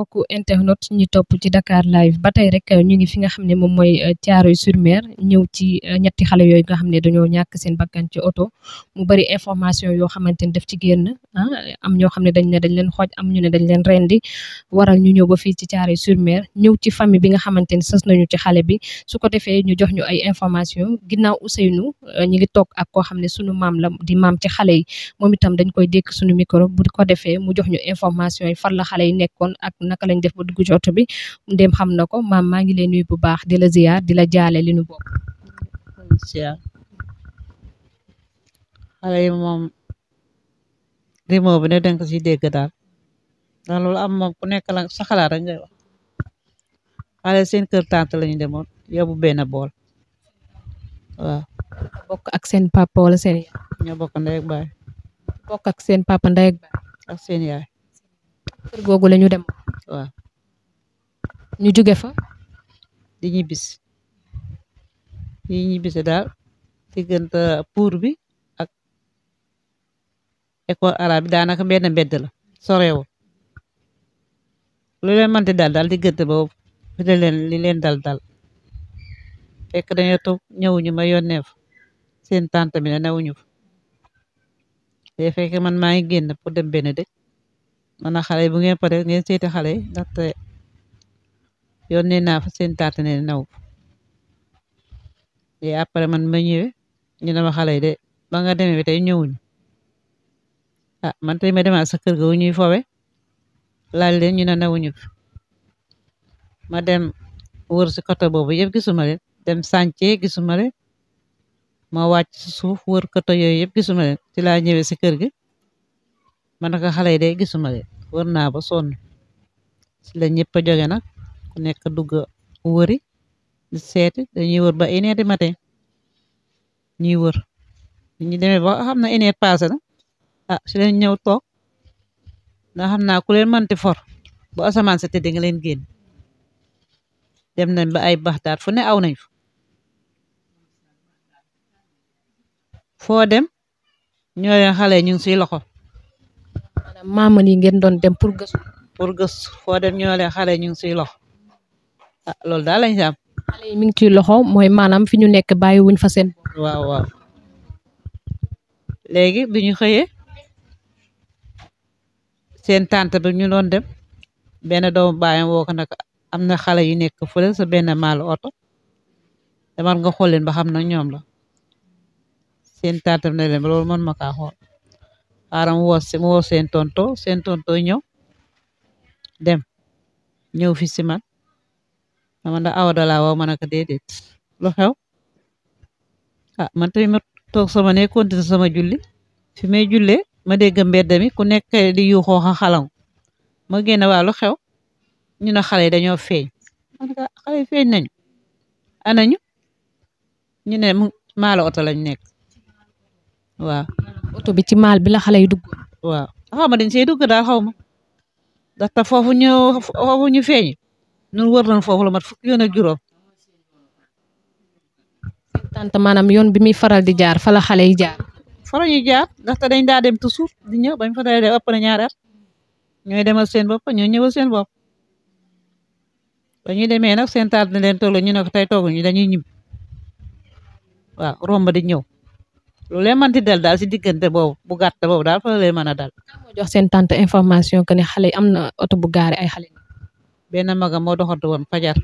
mbokku internet ñi topp ci Dakar live ba tey rek ñu ngi fi nga xam ne moom mooy euh, Thiaroye sur Mer ñëw ci euh, ñetti xale yooyu nga xam ne dañoo ñàkk seen bakkan ci oto mu bari information yoo xamante ni daf ci génn ah am ñoo xam ne dañ ne dañ leen xooj am ñu ne dañ leen rendi waral ñu ñëw ba fii ci Thiaroye sur Mer ñëw ci famille bi nga xamante ni sës nañu ci xale bi su ko defee ñu jox ñu ay information ginnaaw Ousseynou euh, ñu ngi toog ak koo xam ne sunu maam la di maam ci xale yi moom itam dañ koy dékk naka lañ def ba dugg ci oto bi ndéem xam na ko maam maa ngi lay nuyu bu baax di la ziyaar di la jaale li bokk xale yi moom rimoo bi ne denk si dégg daal ndax am moom ku nekk la sa xalaat rek ngay wax xale seen kër tante lañu demoon yóbbu benn bool waaw bokk ak seen papa wala seen yaay ñoo bokk ndey baay bokk ak seen papa ndey baay ak seen yaay kër googu lañu demoon waaw ñu jóge fa di ñibbis ñi ñibbisi daal diggante puur bi ak école arabe bi daanaka benn mbedd la soreewul lu leen mënti daal daal diggante boobu fi la leen dal dal fekk dañoo toog ñëwuñu ma yónnee fa seen tante bi ne newuñu fa te fekk man maa ngi génn pour dem benn dëkk man na xale bu ngeen pare ngeen seeti xale yi ndaxte yónnee naa fa seen tartine naw te après man ma ñëwee ñu ne ma xale yi de ba nga demee tey ñëwuñu ah man tey ma demaat sa kër ga wu ñuy fowe laaj leen ñu ne nawuñu ma dem wër si côté boobu yëpp gisuma leen dem sànce gisuma leen ma wàcc si suuf wër côté yooyu yëpp gisuma leen ci laa ñëwee si kër gi. man naka xale yi de gisuma de wër naa ba sonn si la ñëpp a jóge nag ku nekk dugg wëri di seeti dañuy wër ba une heure du matin ñuy wër ñu demee ba xam na une heure na ah si leen xam naa ku leen manti for ba asamaan sa tëdd nga leen génn dem nañ ba ay baxtaat fu ne aw nañ fa foo dem ñoo leen xale ñu siy loxo maamal yi ngeen doon dem pour gëstu. pour gëstu foo dem ñu ne xale ñu ngi siy loxo ah loolu daal lañ si am. xale mi ngi ciy loxo mooy maanaam fi ñu nekk bàyyi wuñ fa seen. waaw waaw léegi bi ñu xëyee seen tante bi ñu doon dem benn doomu baayam woo ko nag am na xale yu nekk fële sa benn maalu oto demal nga xool leen ba xam na ñoom la seen tante bi ne leen loolu mën ma kaa xool. xaaral mu woo mu woo seen tonto seen tonto ñëw dem ñëw fi si man dama ndax awa dala ma ne lu xew ah man tamit ma toog sama ne continuer sama julli fi may jullee ma dégg mbedd mi ku nekk di yuuxoo xa xalaŋ ma génn waa lu xew ñu ne xale dañoo feeñ man ka feeñ nañu anañu ñu ne maalo oto lañ nekk waaw oto bi ci maal bi la xale yi dugg. waaw xaw ma dañ see dugg daal xaw ma ndaxte foofu ñu foofu ñu feeñ ñun wër nañ foofu la mat fukki yoon ak juróom. tant maanaam yoon bi muy faral di jaar fa la xale yi jaar. fa la ñuy jaar ndaxte dañ daa dem toujours di ñëw bañ fa dalee ëpp na ñaari at ñooy demal seen bopp ñooy ñëwal seen bopp. ba ñu demee nag seen taat na leen toll ñu ne ko tey tooguñu dañuy ñibbi waaw romb di ñëw. lu leen mën di dal daal si diggante boobu bu gàtt boobu daal fa leen mën a dal. moo jox seen tante information que ne xale yi am na oto bu gaare ay xale. benn maga moo doxatu woon fajar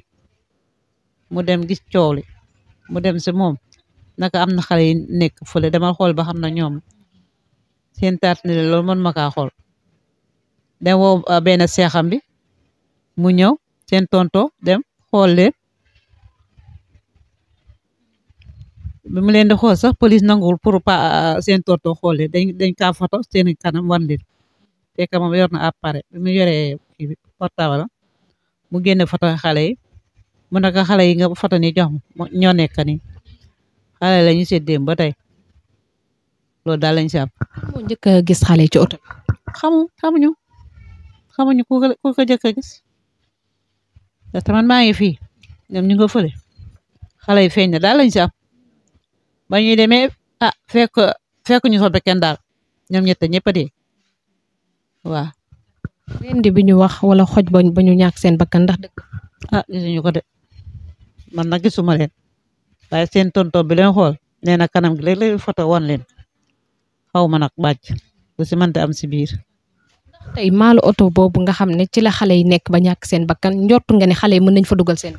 mu dem gis coow li mu dem si moom naka am na xale yi nekk fële dama xool ba xam na ñoom seen taat ne loolu man ma xool. dem woo ah, benn seexam bi mu ñëw seen tonto dem xool leen. bi mu leen di xool sax police nanguwul pour pa seen torto xoole dañ dañ kaa foto seen kanam wan leen fekk moom yor na appareil bi mu yore kii portable mu génne foto xale yi mu naka xale yi nga foto ni jox ñoo nekk ni xale lañu séddéem ba tey loolu daal lañ si am. moo njëkk a gis xale ci oto bi. xamu xamuñu ko ko njëkk gis ndax man maa ngi fii ñoom ñu nga fële xale yi feeñ na daal lañ si am. ba ñuy demee ah fekk fekk ñu fa bekken daal ñoom ñett ñëpp a dee waaw. rendi bi ñu wax wala xoj ba ba ñu ñàkk seen bakkan ndax dëgg. ah gisuñu ko de man nag gisuma leen waaye seen tonton bi leen xool nee na kanam gi léeg-léeg foto wan leen xaw ma nag bàcc lu si mënta am si biir. tey maalu oto boobu nga xam ne ci la xale yi nekk ba ñàkk seen bakkan njortu nga ne xale yi mën nañ fa dugal seen.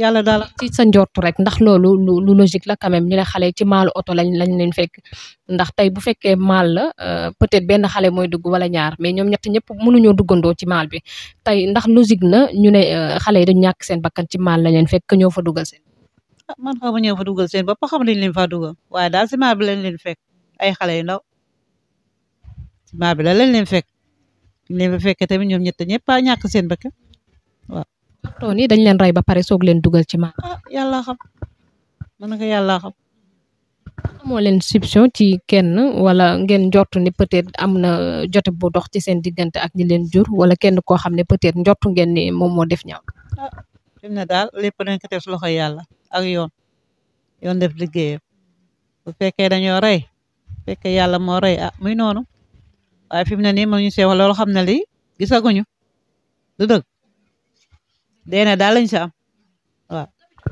yàlla daal ci sa njortu rek ndax loolu lu lu logique la quand même ñu ne xale ci maalu oto lañ lañ leen fekk ndax tey bu fekkee maal la euh, peut-être benn xale mooy dugg wala ñaar mais ñoom ñett ñëpp mënuñoo duggandoo ci maal bi tey ndax logique na ñu euh, xale yi dañ ñàkk seen bakkan ci maal lañ leen fekk ñoo fa dugga seen. Ah, man xaw ma ñoo fa dugal seen bopp xam nañ leen faa dugal daal ci maal bi lañ leen fekk ay xale yu ndaw bi la lañ leen fekk leen fa fekk tamit ñoom ñett ñëpp a ñàkk seen bakkan waaw. carton yi dañ leen ray ba pare sog leen dugal ci maanaam. ah yàlla xam man ko yàlla xam. amoo leen suspicion ci kenn wala ngeen njortu ni peut-être am na jote bu dox ci seen diggante ak ñi leen jur wala kenn koo xam ne peut-être njortu ngeen ni moom moo def ñaaw. ah fi ne daal lépp nañ ko teg si loxo yàlla ak yoon yoon def liggéeyam bu fekkee dañoo rey fekkee yàlla moo rey a ah, muy noonu waaye fi mu ne ni ma see wax xam na lii gisaguñu du dëgg. DNA daal lañ si am waaw.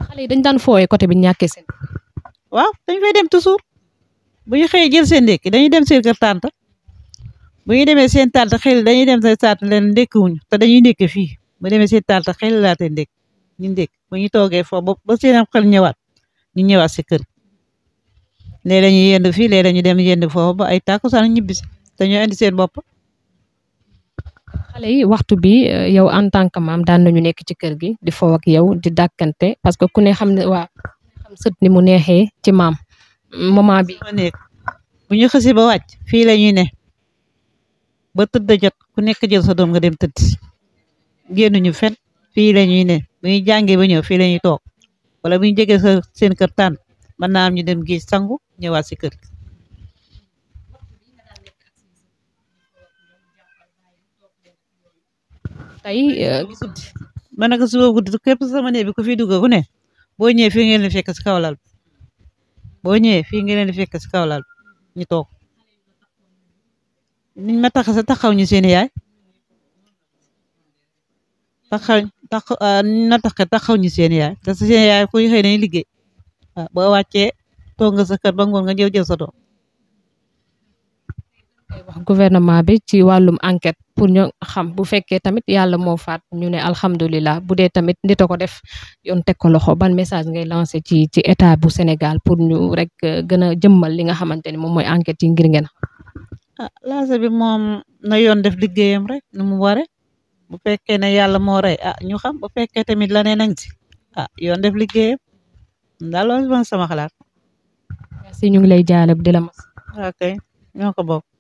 xale yi dañ daan fooyee côté bi ñàkkee seen. waaw dañ fay dem toujours bu ñu xëyee jël seen ndékki dañuy dem seen kër tante bu ñu demee seen tante xel dañuy dem seen tante leen ndékkiwuñu te dañuy ndékki fii bu demee seen tante xel laatee ndékki ñu ndékki bu ñu toogee foofu ba ba seen xel ñëwaat ñu ñëwaat si kër léeg-léeg ñu yend fii léeg-léeg ñu dem yend foofu ba ay takkusaan ñibbisi te ñoo indi seen bopp. xale yi waxtu bi euh, yow en tant que maam daan nañu nekk ci kër gi di foo ak yow di dakkante parce que ku ne xam ne waa xam sët ni mu neexee ci maam moment bi bu ñu xësi ba wàcc fii la ñuy ne ba tëdd jot ku nekk jël sa doom nga dem tëdd génnuñu fen fii la ñuy ne bu ñuy jàngee ba ñëw fii la toog wala bu ñu jegee sa seen kër tànn mën naa am ñu dem géej sangu ñëwaat si kër gi tey gisut man nag suba guddi képp sama néeg bi ku fi dugg ku ne boo ñëwee fii ngeen leen fekk si kaw boo ñëwee fii ngeen leen fekk si kaw lal ñu toog niñ ma tax sa taxaw ñu seen yaay taxaw tax euh, niñ ma tax taxaw ñu seen yaay te seen yaay liggéey boo wàccee toog nga sa kër ba ngoon nga jëw jëw sa doom wax gouvernement bi ci wàllum enquête pour ñu xam bu fekkee tamit yàlla moo faat ñu ne alhamdulilah bu dee tamit nit a ko def yoon teg ko loxo ban message ngay lancé ci ci état bu Sénégal pour ñu rek euh, gën a jëmmal li nga xamante ni moom mooy enquête yi ngir ngeen ah lancé bi moom na yoon def liggéeyam rek nu mu ware bu fekke ne yàlla moo rey ah ñu xam bu tamit la nee nañ ci ah yoon def liggéeyam daal loolu sama xalaat. si ñu ngi lay jaale di ok ñoo ko bokk.